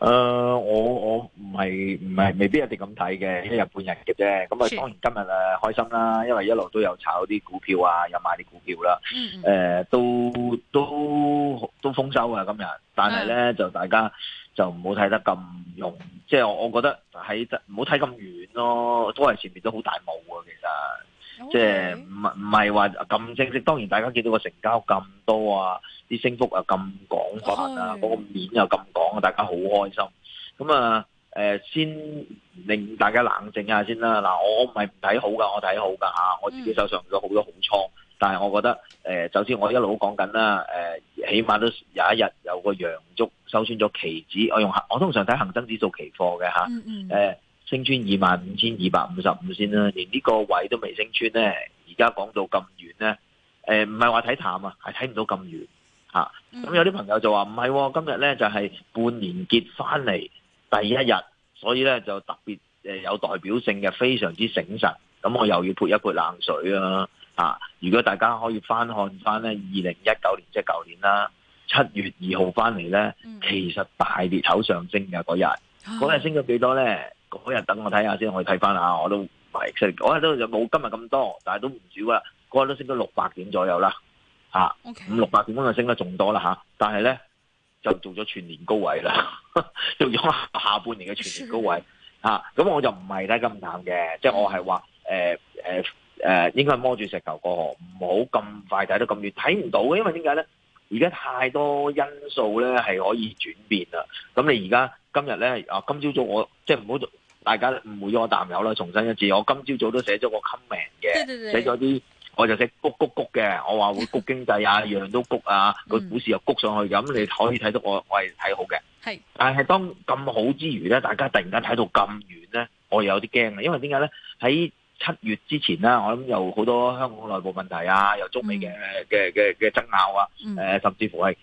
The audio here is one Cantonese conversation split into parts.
誒、呃，我我唔係唔係未必一定咁睇嘅，一日半日嘅啫。咁啊，當然今日誒開心啦，因為一路都有炒啲股票啊，有買啲股票啦、啊。誒、呃，都都都豐收啊！今日，但係咧、嗯、就大家就唔好睇得咁勇，即係我我覺得喺唔好睇咁遠咯，都係前面都好大霧啊，其實。Okay. 即係唔係唔係話咁正式，當然大家見到個成交咁多啊，啲升幅啊咁廣泛啊，嗰 Okay. 個面又咁廣，大家好開心。咁啊，誒，先令大家冷靜下先啦。嗱，我唔係唔睇好噶，我睇好噶吓，我自己手上有好多好倉，mm hmm. 但係我覺得誒，首先我一路講緊啦，誒，起碼都有一日有個陽燭收穿咗期指，我用我通常睇恒生指數期貨嘅吓，誒、mm。Hmm. 啊升穿二萬五千二百五十五先啦，連呢個位都未升穿咧，而家講到咁遠咧，誒、呃，唔係話睇淡啊，係睇唔到咁遠吓。咁有啲朋友就話唔係，今日咧就係、是、半年結翻嚟第一日，所以咧就特別誒、呃、有代表性嘅，非常之醒神。咁我又要潑一潑冷水啦、啊啊、如果大家可以翻看翻咧，二零一九年即係舊年啦，七月二號翻嚟咧，嗯、其實大裂口上升嘅嗰日，嗰日升咗幾多咧？嗰日等我睇下先，我睇翻下，我都唔係升，我都就冇今日咁多，但係都唔少啊。嗰日都升咗六百點左右啦，吓，五六百點咁就升得仲多啦吓。但係咧就做咗全年高位啦，做咗下半年嘅全年高位 啊。咁我就唔係睇咁淡嘅，即係我係話誒誒誒，應該摸住石頭過河，唔好咁快睇得咁遠，睇唔到嘅。因為點解咧？而家太多因素咧係可以轉變啦。咁你而家今日咧啊，今朝早我即係唔好。就是大家誤會咗我男友啦，重新一次我今朝早都寫咗個 comment 嘅，對對對寫咗啲，我就寫谷谷谷嘅。我話會谷經濟啊，樣 都谷啊，個 股市又谷上去咁、嗯嗯，你可以睇到我我係睇好嘅。是但係當咁好之餘咧，大家突然間睇到咁遠咧，我又有啲驚啊！因為點解咧？喺七月之前咧，我諗有好多香港內部問題啊，有中美嘅嘅嘅嘅爭拗啊、嗯呃，甚至乎係、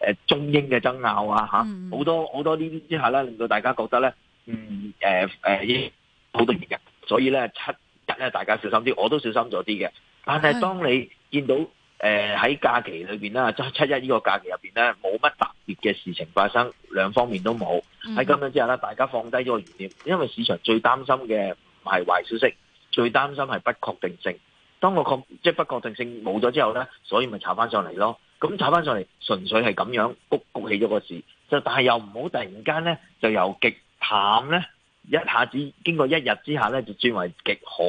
呃、中英嘅爭拗啊好、啊嗯、多好多呢啲之下咧，令到大家覺得咧。嗯，誒、嗯、誒，好多年嘅，嗯嗯嗯、所以咧，七一，咧大家小心啲，我都小心咗啲嘅。但係當你見到誒喺、呃、假期裏邊啦，七七一呢個假期入邊咧，冇乜特別嘅事情發生，兩方面都冇。喺咁樣之下咧，大家放低咗個懸念，因為市場最擔心嘅唔係壞消息，最擔心係不確定性。當我確即係不確定性冇咗之後咧，所以咪炒翻上嚟咯。咁炒翻上嚟純粹係咁樣谷谷起咗個市。就但係又唔好突然間咧就又激。淡咧，一下子經過一日之下咧，就轉為極好、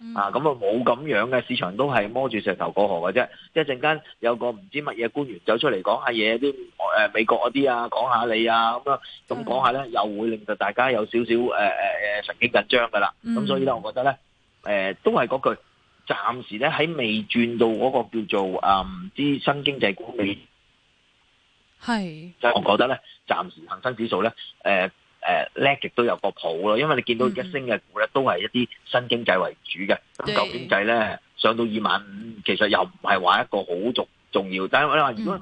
嗯、啊！咁啊冇咁樣嘅市場，都係摸住石頭過河嘅啫。一陣間有個唔知乜嘢官員走出嚟講下嘢，啲誒、呃、美國嗰啲啊講下你啊咁樣，咁講下咧，又會令到大家有少少誒誒誒神經緊張噶啦。咁、嗯、所以咧，我覺得咧，誒、呃、都係嗰句，暫時咧喺未轉到嗰個叫做啊唔、嗯、知新經濟股未係，是就我覺得咧，暫時恒生指數咧，誒、呃。誒，叻極都有個譜咯，因為你見到而家升嘅股咧，都係一啲新經濟為主嘅。咁舊經濟咧，上到二萬五，其實又唔係話一個好重重要。但係我話如果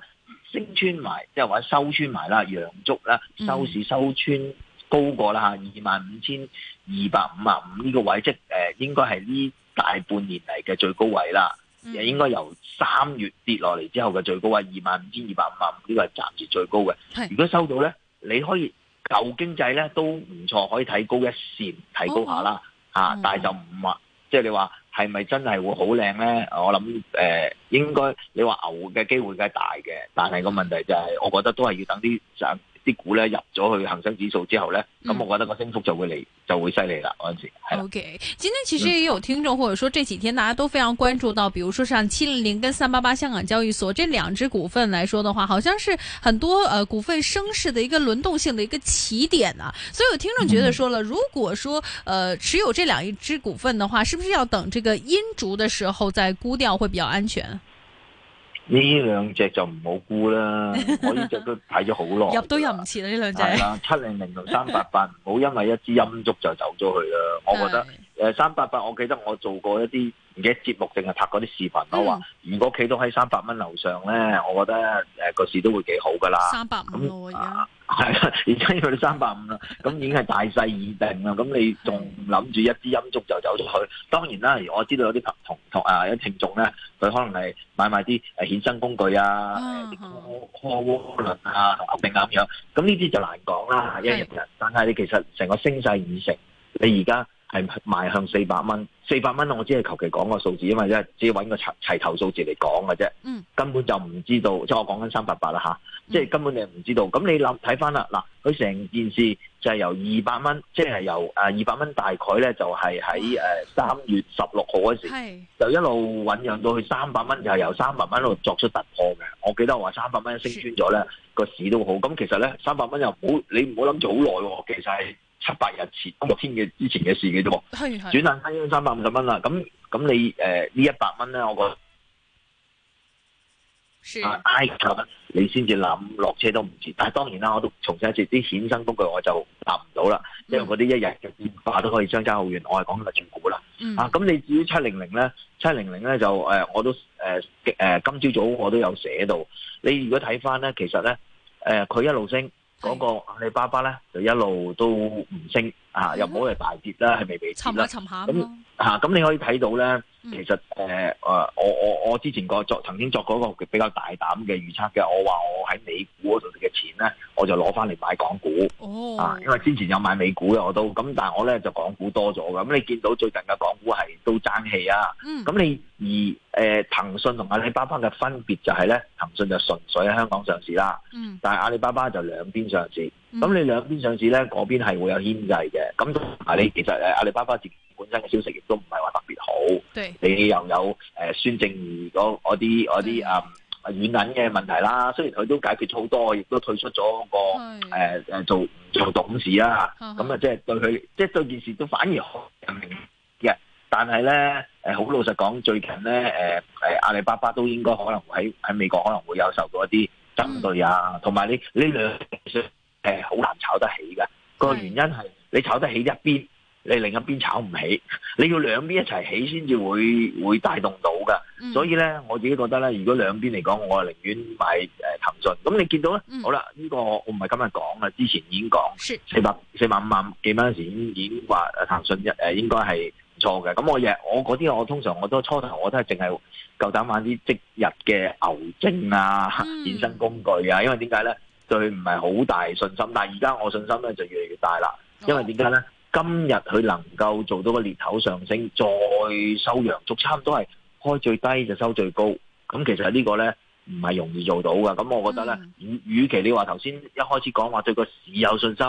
升穿埋，即係或者收穿埋啦，陽燭啦，收市收穿高過啦吓，二萬五千二百五啊五呢個位，即係誒，應該係呢大半年嚟嘅最高位啦。應該由三月跌落嚟之後嘅最高位，二萬五千二百五啊五呢個係暫時最高嘅。是如果收到咧，你可以。舊經濟咧，都唔錯，可以提高一線，提高下啦，吓、啊！但係就唔話，嗯、即係你話係咪真係會好靚咧？我諗誒、呃，應該你話牛嘅機會梗係大嘅，但係個問題就係、是，嗯、我覺得都係要等啲上。啲股咧入咗去恒生指數之後咧，咁、嗯、我覺得個升幅就會嚟，就會犀利啦嗰陣時。O、okay, K，今天其實也有聽眾，或者說這幾天大家都非常關注到，比如說像七零零跟三八八香港交易所這兩支股份來說的話，好像是很多呃股份升勢的一個輪動性的一個起點啊。所以有聽眾覺得，說了，嗯、如果說呃持有這兩隻股份的話，是不是要等這個陰燭的時候再沽掉會比較安全？呢兩隻就唔好沽啦，我呢隻都睇咗好耐， 入都入唔切啊！呢兩隻係啦，七零零同三八八唔好因為一支陰燭就走咗去啦，我覺得誒三八八， 呃、8, 我記得我做過一啲。唔嘅節目定係拍嗰啲視頻，嗯、我話如果企到喺三百蚊樓上咧，我覺得誒個市都會幾好噶啦。三百五啦，而家而家要到三百五啦。咁 已經係大勢已定啦。咁你仲諗住一支陰燭就走咗去？當然啦，我知道有啲朋同啊、有聽眾咧，佢可能係買埋啲誒衍生工具啊、啲破鍋輪啊、同牛啊咁樣。咁呢啲就難講啦，啊，一日日。是但係你其實成個升勢已成，你而家，係賣向四百蚊，四百蚊我只係求其講個數字，因為啫，只係搵個齊齊頭數字嚟講嘅啫。嗯，根本就唔知道，即係我講緊三百八啦吓，即係、嗯、根本你唔知道。咁你諗睇翻啦，嗱，佢成件事就係由二百蚊，即係由誒二百蚊大概咧，就係喺誒三月十六號嗰時，就一路醞釀到去三百蚊，就係由三百蚊度作出突破嘅。我記得我話三百蚊升穿咗咧，是個市都好。咁其實咧，三百蚊又唔好，你唔好諗住好耐，其實係。七八日前、六天嘅之前嘅事嘅啫喎，係轉眼間已經三百五十蚊啦。咁咁你誒呢、呃、一百蚊咧，我覺得埃是、啊、你先至諗落車都唔遲。但係當然啦，我都重申一次，啲衍生工具我就答唔到啦，嗯、因為嗰啲一日嘅變化都可以相差好遠。我係講緊個正股啦，嗯、啊，咁你至於七零零咧，七零零咧就誒、呃，我都誒誒、呃呃，今朝早我都有寫到。你如果睇翻咧，其實咧，誒、呃、佢一路升。嗰個阿里巴巴咧，就一路都唔升。啊，又唔好係大跌啦，係微微跌啦。沉下咁。咁你可以睇到咧，其實誒，誒、嗯，我我我之前個作，曾經作過一個比較大膽嘅預測嘅，我話我喺美股嗰度嘅錢咧，我就攞翻嚟買港股。哦。啊，因為之前有買美股嘅我都，咁但係我咧就港股多咗咁。你見到最近嘅港股係都爭氣啊。咁、嗯、你而誒，騰訊同阿里巴巴嘅分別就係咧，騰訊就純粹喺香港上市啦。嗯。但係阿里巴巴就兩邊上市。咁你兩邊上市咧，嗰邊係會有牽制嘅。咁同埋你其實阿里巴巴自己本身嘅消息亦都唔係話特別好。對你又有誒孫正如嗰啲嗰啲誒軟銀嘅問題啦。雖然佢都解決咗好多，亦都退出咗、個誒誒是、呃、做做董事啊。咁啊、嗯，即係對佢，即、就、係、是、對件事都反而好嘅。但係咧好老實講，最近咧誒、呃、阿里巴巴都應該可能會喺喺美國可能會有受到一啲針對啊。同埋、嗯、你呢兩。係好難炒得起噶，個原因係你炒得起一邊，你另一邊炒唔起，你要兩邊一齊起先至會會帶動到噶。嗯、所以咧，我自己覺得咧，如果兩邊嚟講，我啊寧願買誒騰訊。咁、呃、你見到咧，嗯、好啦、呢、這個我唔係今日講噶，之前已經講四百四萬五萬幾蚊錢已經話騰訊一誒應該係唔錯嘅。咁我嘢，我嗰啲我通常我都初頭我都係淨係夠膽玩啲即日嘅牛證啊、嗯、衍生工具啊，因為點解咧？對唔係好大信心，但係而家我信心咧就越嚟越大啦。因為點解咧？今日佢能夠做到個裂口上升，再收陽燭，差唔多係開最低就收最高。咁其實這個呢個咧唔係容易做到噶。咁我覺得咧，與、嗯、其你話頭先一開始講話對個市有信心，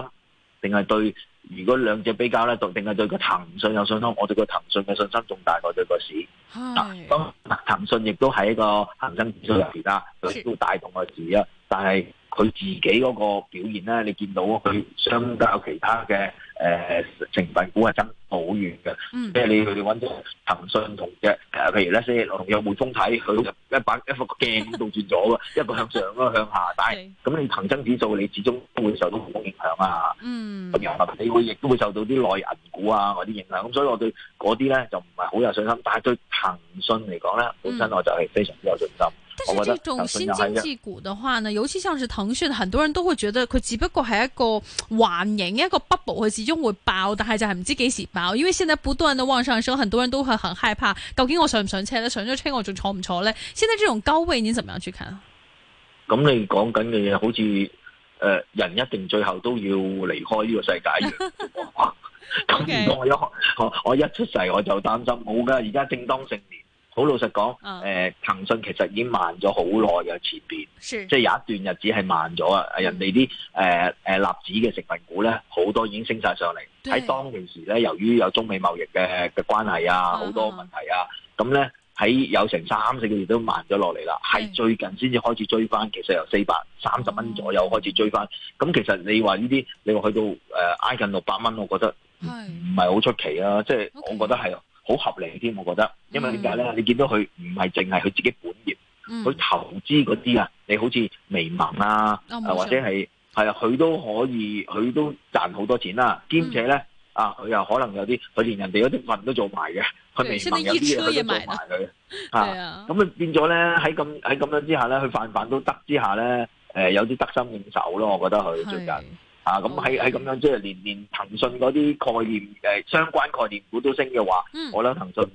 定係對如果兩隻比較咧，定係對個騰訊有信心，我對個騰訊嘅信心仲大過對個市。咁、嗯是嗯、騰訊亦都係一個恒生指數嚟啦，都帶動個市啊。但係佢自己嗰個表現咧，你見到佢相較其他嘅誒、呃、成分股係爭好遠嘅，即係你你揾咗騰訊同嘅、啊、譬如咧星期六同有無中體，佢一板一幅鏡倒轉咗嘅， 一個向上一個向下，咁是你恒生指數你始終都會受到好影響啊，咁然後你會亦都會受到啲內銀股啊嗰啲影響，所以我對嗰啲咧就唔係好有信心，但係對騰訊嚟講咧，本身我就係非常之有信心。嗯。但是這種新經濟股的話呢，尤其像是騰訊，很多人都會覺得，佢只不過係一個幻影，一個 bubble，佢始終會爆，但係就係唔知幾時爆。因為現在不斷的往上升，很多人都係很害怕。究竟我上唔上車咧？上咗車我仲坐唔坐咧？現在這種高位，你怎麼樣去看？咁你講緊嘅嘢，好似誒、呃，人一定最後都要離開呢個世界。咁如果我一我一出世我就擔心，冇噶，而家正當成年。好老實講，誒、呃、騰訊其實已經慢咗好耐嘅前邊，是即係有一段日子係慢咗啊！人哋啲誒誒立子嘅成分股咧，好多已經升晒上嚟。喺對當年時咧，由於有中美貿易嘅嘅關係啊，好多問題啊，咁咧喺有成三四個月都慢咗落嚟啦。係是最近先至開始追翻，其實由四百三十蚊左右開始追翻。咁、啊、其實你話呢啲，你話去到誒挨、呃、近六百蚊，我覺得唔係好出奇啊！即係 Okay. 我覺得係好合理添，我覺得，因為點解咧？你見到佢唔係淨係佢自己本業，佢、嗯、投資嗰啲啊，你好似微盟啊，哦、或者係係啊，佢都可以，佢都賺好多錢啦。兼且咧啊，佢、嗯啊、又可能有啲，佢連人哋嗰啲份都做埋嘅，佢微盟有啲嘢佢都做埋佢啊。咁 啊那變咗咧喺咁喺咁樣之下咧，佢泛泛都得之下咧，誒、呃、有啲得心應手咯，我覺得佢最近。啊，咁喺喺咁樣，即係連連騰訊嗰啲概念誒、呃，相關概念股都升嘅話，嗯、我諗騰訊誒誒，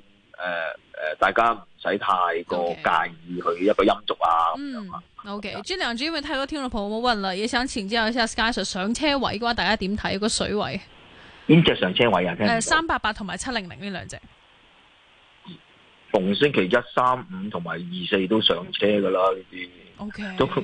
大家唔使太過介意佢一個陰燭啊。OK，朱梁主任，睇咗天龍普冇温啦，你想前朝有隻 s k y s h o 上車位嘅話，大家點睇個水位？邊隻上車位啊？誒，三八八同埋七零零呢兩隻，逢星期一、三、五同埋二四都上車噶啦呢啲。O K，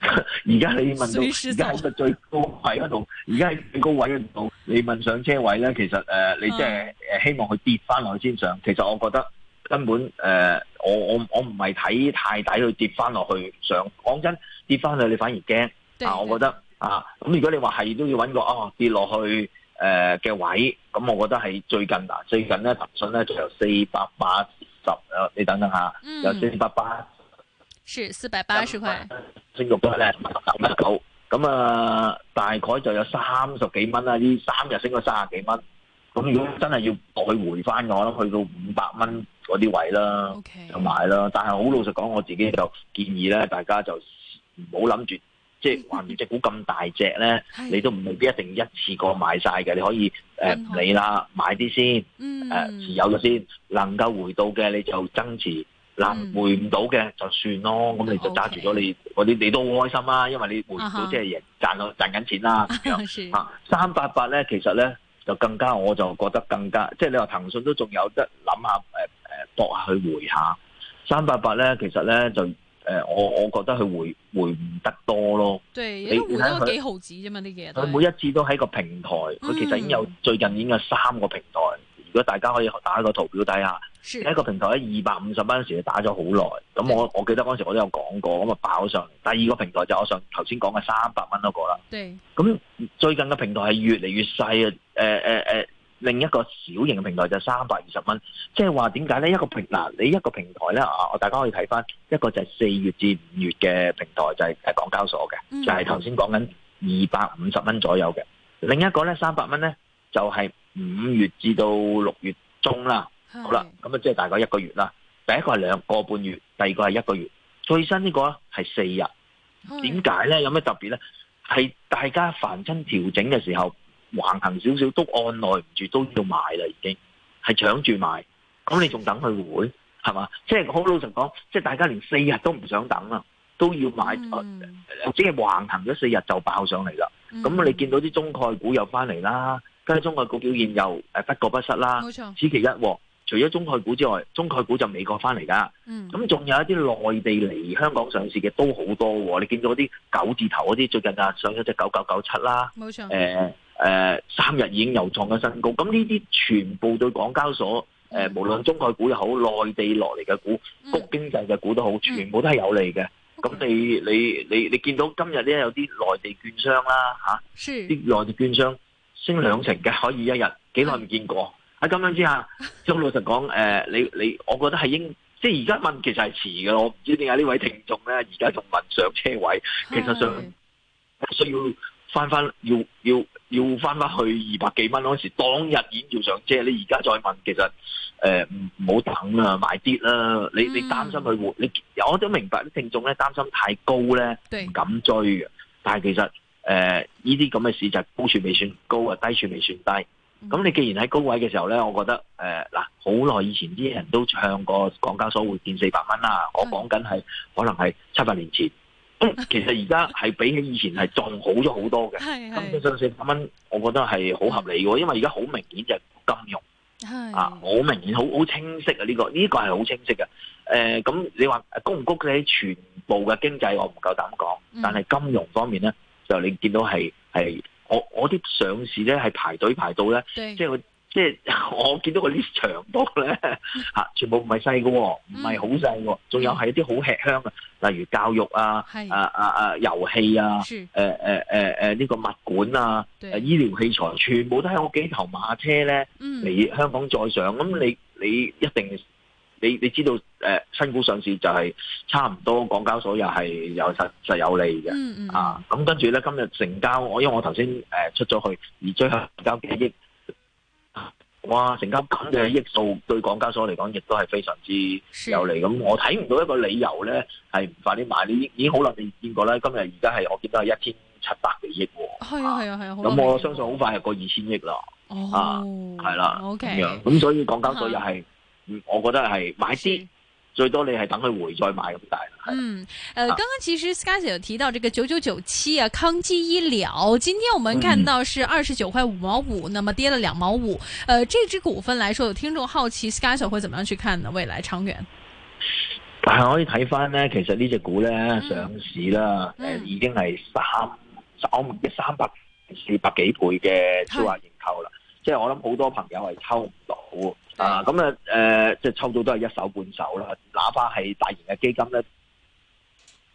而家你問到而家喺咪最高位嗰度，而家喺最高位嘅時候，你問上車位咧，其實誒、呃，你即係誒希望佢跌翻落去先上。其實我覺得根本誒、呃，我我我唔係睇太底去跌翻落去上。講真，跌翻去你反而驚對啊！我覺得啊，咁如果你話係都要揾個哦跌落去誒嘅、呃、位，咁我覺得係最近啦。最近咧，騰訊咧就有四百八十啊，你等等一下，有四百八。是四百八十塊，升咗八咧，九十九，咁啊、呃，大概就有三十幾蚊啦。呢三日升咗三十幾蚊，咁如果真係要再回翻嘅話咧，我諗去到五百蚊嗰啲位啦，Okay. 就買啦。但係好老實講，我自己就建議咧，大家就唔好諗住，即係橫掂隻股咁大隻咧，你都未必一定一次過買晒嘅。你可以誒，唔理啦，買啲先，誒、呃、持有咗先，能夠回到嘅你就增持。嗱，回唔到嘅就算咯，咁你就揸住咗你啲，你都好開心啦，因為你回唔到即係贏，賺到賺緊錢啦。啊，三八八咧，其實咧就更加，我就覺得更加，即係你話騰訊都仲有得諗下，誒誒搏下佢回下三八八咧，其實咧就我我覺得佢回回唔得多咯。對，你睇佢幾毫子啫嘛啲嘢。佢每一次都喺個平台，佢其實已經有最近已經有三個平台，如果大家可以打喺個圖表底下，是一個平台喺二百五十蚊時候打了很久，打咗好耐。咁我對我記得嗰陣時我都有講過，咁啊爆上。第二個平台就我上頭先講嘅三百蚊嗰個啦。咁對最近嘅平台係越嚟越細啊！誒誒誒，另一個小型嘅平台就三百二十蚊。即係話點解呢？一個平嗱、啊，你一個平台咧啊，大家可以睇翻一個就係四月至五月嘅平台就係、是、誒港交所嘅，就係頭先講緊二百五十蚊左右嘅。嗯、另一個咧三百蚊咧就係、是。五月至到六月中啦，的好啦，咁啊，即係大概一個月啦。第一個係兩個半月，第二個係一個月，最新個的呢個係四日。點解咧？有咩特別咧？係大家凡親調整嘅時候，橫行少少都按耐唔住，都要買啦，已經係搶住買。咁你仲等佢換係嘛？即係好老實講，即係大家連四日都唔想等啦，都要買。嗯啊、即係橫行咗四日就爆上嚟啦。咁、嗯、你見到啲中概股又翻嚟啦。跟住中概股表現又不過不失啦，冇錯此其一喎、哦。除咗中概股之外，中概股就美國翻嚟噶。嗯，咁仲有一啲內地嚟香港上市嘅都好多喎、哦。你見到啲九字頭嗰啲最近啊上咗隻九九九七啦，冇錯。誒、呃錯呃、三日已經又創嘅新高。咁呢啲全部對港交所誒，呃嗯、無論中概股又好，內地落嚟嘅股，谷、嗯、經濟嘅股都好，嗯、全部都係有利嘅。咁 okay. 你你你你見到今日咧有啲內地券商啦啲、啊、是內地券商。升兩成嘅可以一日幾耐唔見過？喺咁樣之下，仲老實講，誒、呃，你你，我覺得係應，即係而家問，其實係遲嘅。我唔知點解呢位聽眾咧，而家仲問上車位，其實上需要翻翻，要要要翻翻去二百幾蚊嗰時候，當日已經要上車。你而家再問，其實，誒，唔，呃，唔好等啦，買啲啦。你你擔心佢活？你我都明白啲聽眾咧，擔心太高咧，唔敢追嘅。對但係其實。誒，呢啲咁嘅市值，高處未算高啊，低處未算低。咁你既然喺高位嘅時候咧，我覺得誒，嗱、呃，好耐以前啲人都唱過港交所會跌四百蚊啦。是的 我講緊係可能係七八年前， 其實而家係比起以前係仲好咗好多嘅。咁即係四百蚊，我覺得係好合理嘅，是的 因為而家好明顯就金融是的 啊，好明顯好好清晰啊、這個，呢、這個呢個係好清晰嘅。誒、呃，咁你話供唔供你喺全部嘅經濟，我唔夠膽講。但係金融方面咧。就你見到係係我我啲上市咧係排隊排到咧對，即係我即係我見到嗰啲長度咧嚇， 全部唔係細嘅，唔係好細嘅，仲、嗯、有係一啲好吃香啊，例如教育啊，是啊啊啊遊戲啊，誒誒誒誒呢個物管啊，誒對、啊、醫療器材，全部都係我幾頭馬車咧嚟、嗯、香港再上，咁你你一定。你你知道誒、呃、新股上市就係差唔多，港交所又係實，實有利嘅、嗯嗯、啊！咁跟住咧，今日成交我因為我頭先、呃、出咗去，而最後成交幾億，哇！成交咁嘅億數對港交所嚟講亦都係非常之有利。咁是我睇唔到一個理由咧係唔快啲買，你已已經好耐未見過啦。今日而家係我見到係一千七百幾億喎，啊係啊係啊！咁我相信好快係過二千億啦，哦、啊，係啦、啊，咁咁 okay, 所以港交所又係。係啊嗯、我覺得係買先，是最多你係等佢回再買咁大。的嗯，誒、呃，剛剛其實士佳 Sir 提到這個九九九七啊，康基醫療，今天我們看到是二十九塊五毛五，那麼跌了兩毛五。誒、呃，這支股份來說，有聽眾好奇士佳 Sir 會怎麼樣去看呢？未來長遠？但係可以睇翻咧，其實呢隻股咧、嗯、上市啦，誒、嗯，已經係三三百四百幾倍嘅超額認購啦，好即係我諗好多朋友係抽唔到。啊，咁啊，誒、呃，即、就、係、是、抽到都係一手半手啦，哪怕係大型嘅基金咧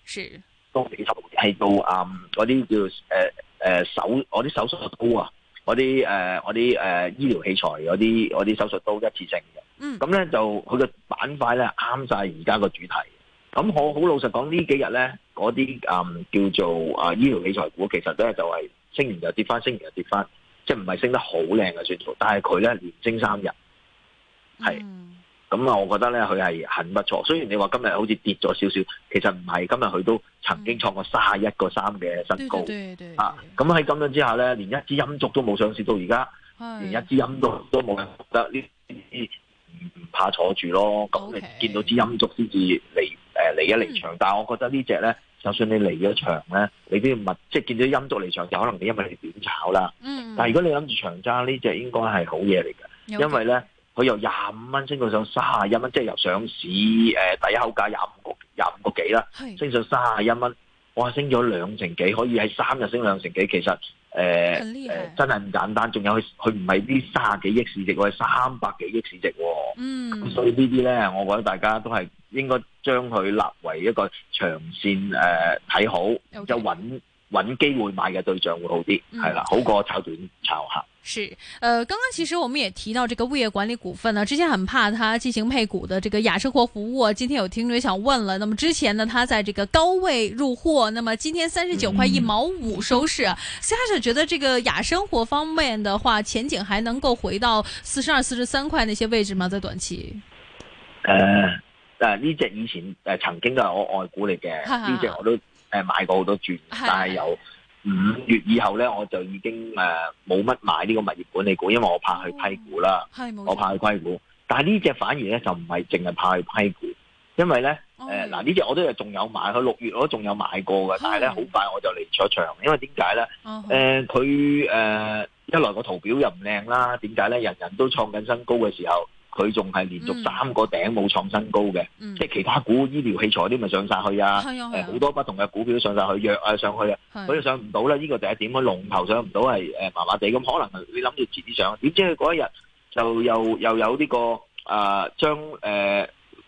是，是到，都、嗯、幾、呃、手，係到啊，嗰啲叫誒誒手，嗰啲手術刀啊，嗰啲誒，嗰啲誒醫療器材，嗰啲，嗰啲手術刀一次性嘅、嗯，嗯，咁咧就佢嘅板塊咧啱晒而家個主題，咁我好老實講呢幾日咧，嗰啲啊叫做啊醫療器材股，其實咧就係、是、升完就跌翻，升完就跌翻，即係唔係升得好靚就算數，但係佢咧連升三日。係，咁啊，我覺得咧佢係很不錯。雖然你話今日好似跌咗少少，其實唔係今日佢都曾經創過卅一個三嘅新高。啊，咁喺咁樣之下咧，連一支陰燭都冇上市到，到而家連一支陰燭都都冇得，呢啲唔怕坐住咯。咁你見到支陰燭先至嚟誒嚟一離場、嗯、但係我覺得呢隻咧，就算你離咗場咧，你都要物，即係見到陰燭離場就可能你因為你點炒啦。嗯、但係如果你諗住長揸呢隻，應該係好嘢嚟嘅，因為咧。嗯佢由廿五蚊升到上三十一蚊，即、就、係、是、由上市誒、呃、第一口價廿五個廿五個幾啦，是升上三十一蚊，哇，升咗兩成幾，可以喺三日升兩成幾，其實誒誒、呃的呃、真係唔簡單，仲有佢佢唔係啲卅幾億市值，我係三百幾億市值、哦，嗯，所以呢啲咧，我覺得大家都係應該將佢立為一個長線誒睇、呃、好 Okay. 就穩。揾機會買嘅對象會好啲，係啦、嗯，好過炒短炒客。是，呃，剛剛其實我們也提到這個物業管理股份呢、啊，之前很怕它進行配股的這個雅生活服務、啊。今天有聽眾想問了，那麼之前呢，它在這個高位入貨，那麼今天三十九塊一毛五收市啊，先生、嗯、覺得這個雅生活方面的話，前景還能夠回到四十二、四十三塊那些位置嗎？在短期？誒、呃，誒、呃、呢隻以前誒、呃、曾經都係我愛股嚟嘅，呢 隻我都。誒，買過好多轉，但係由五月以後咧，我就已經誒冇乜買呢個物業管理股，因為我怕去批股啦，我怕去批股。但係呢隻反而咧就唔係淨係怕去批股，因為咧誒嗱呢隻我都係仲有買，佢六月我都仲有買過嘅，但係咧好快我就離咗場，因為點解咧？誒，佢誒一來個圖表又唔靚啦，點解咧？人人都創緊新高嘅時候。佢仲係連續三個頂冇創新高嘅，即係其他股醫療器材啲咪上曬去啊，誒，好多不同嘅股票上曬去，藥啊上去啊，都上唔到啦。呢個第一點，龍頭上唔到係誒麻麻地咁，可能你諗住遲啲上，點知嗰一日就又又有呢個誒將誒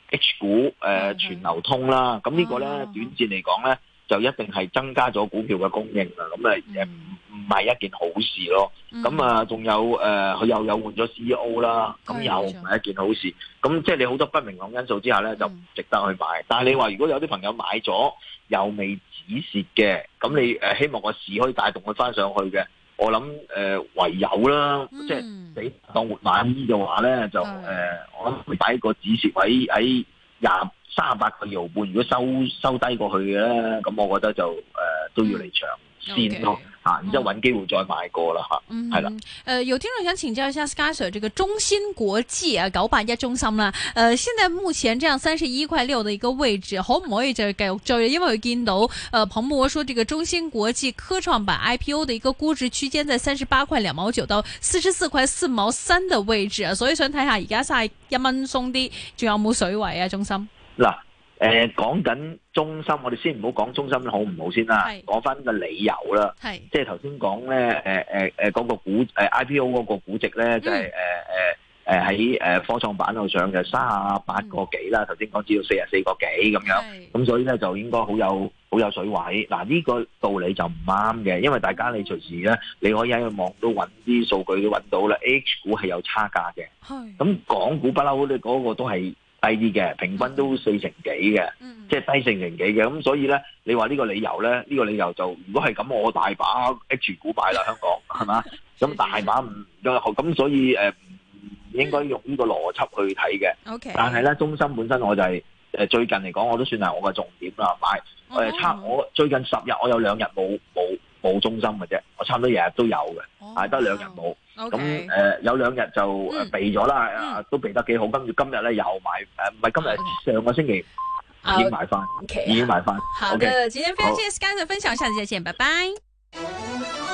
H 股誒全流通啦。咁呢個咧，短線嚟講咧。就一定係增加咗股票嘅供應啦，咁誒誒唔係一件好事咯。咁、嗯、啊，仲有誒，佢、呃、又有換咗 C E O 啦，咁、嗯、又唔係一件好事。咁錯即係你好多不明朗因素之下咧，就唔值得去買。嗯、但係你話如果有啲朋友買咗又未止蝕嘅，咁你誒、呃、希望個市可以帶動佢翻上去嘅，我諗誒、呃、唯有啦，嗯、即係你當活馬醫嘅話咧，就誒的、呃、我諗擺個止蝕位喺廿，在20，三十八個搖半，如果收收低過去嘅咧，咁我覺得就誒、呃、都要離場先咯嚇，然之後揾機會再買過啦嚇，係啦。誒，有聽眾想請教一下 Sky Sir，這個中芯國際啊，九八一中芯啦、啊。誒、呃，現在目前這樣三十一塊六嘅一個位置，可唔可以再走一？因為佢見到誒彭博說，這個中芯國際科創板 IPO 嘅一個估值區間在三十八塊兩毛九到四十四塊四毛三嘅位置啊，所以想睇下而家三十一蚊鬆啲，仲有冇水位啊？中芯。嗱，誒，講、呃、緊中心，我哋先唔好講中心好唔好先啦，講翻是個理由啦，是即係頭先講咧，誒誒誒，呃嗰個股誒、呃、IPO 嗰個估值咧，就係誒誒誒喺誒科創板度上嘅三啊八個幾、嗯、啦，頭先講只要四啊四個幾咁樣，咁是所以咧就應該好有好有水位。嗱，呢、這個道理就唔啱嘅，因為大家你隨時咧，你可以喺個網度揾啲數據揾到啦，H 股係有差價嘅，咁是港股不嬲咧嗰個都係。低啲嘅，平均都四成幾嘅，嗯、即係低四成幾嘅。咁所以咧，你話呢個理由咧，呢、這個理由就如果係咁，我大把 H 股買啦， 香港係嘛？咁大把唔咁，所以誒，唔、呃、應該用個邏輯 Okay. 呢個邏輯去睇嘅。O K，但係咧，中心本身我就係、是、誒，最近嚟講我都算係我嘅重點啦，買誒差、哦、我最近十日我有兩日冇冇冇中心嘅啫，我差唔多日日都有嘅，係得兩日冇。咁誒有兩日就誒避咗啦，都避得幾好。跟住今日咧又買誒唔係今日 okay. 上個星期已經買翻，好已經買翻。Okay 啊、買好嘅的。okay 今天非常謝 Sky 嘅分享，好下次再見，拜拜。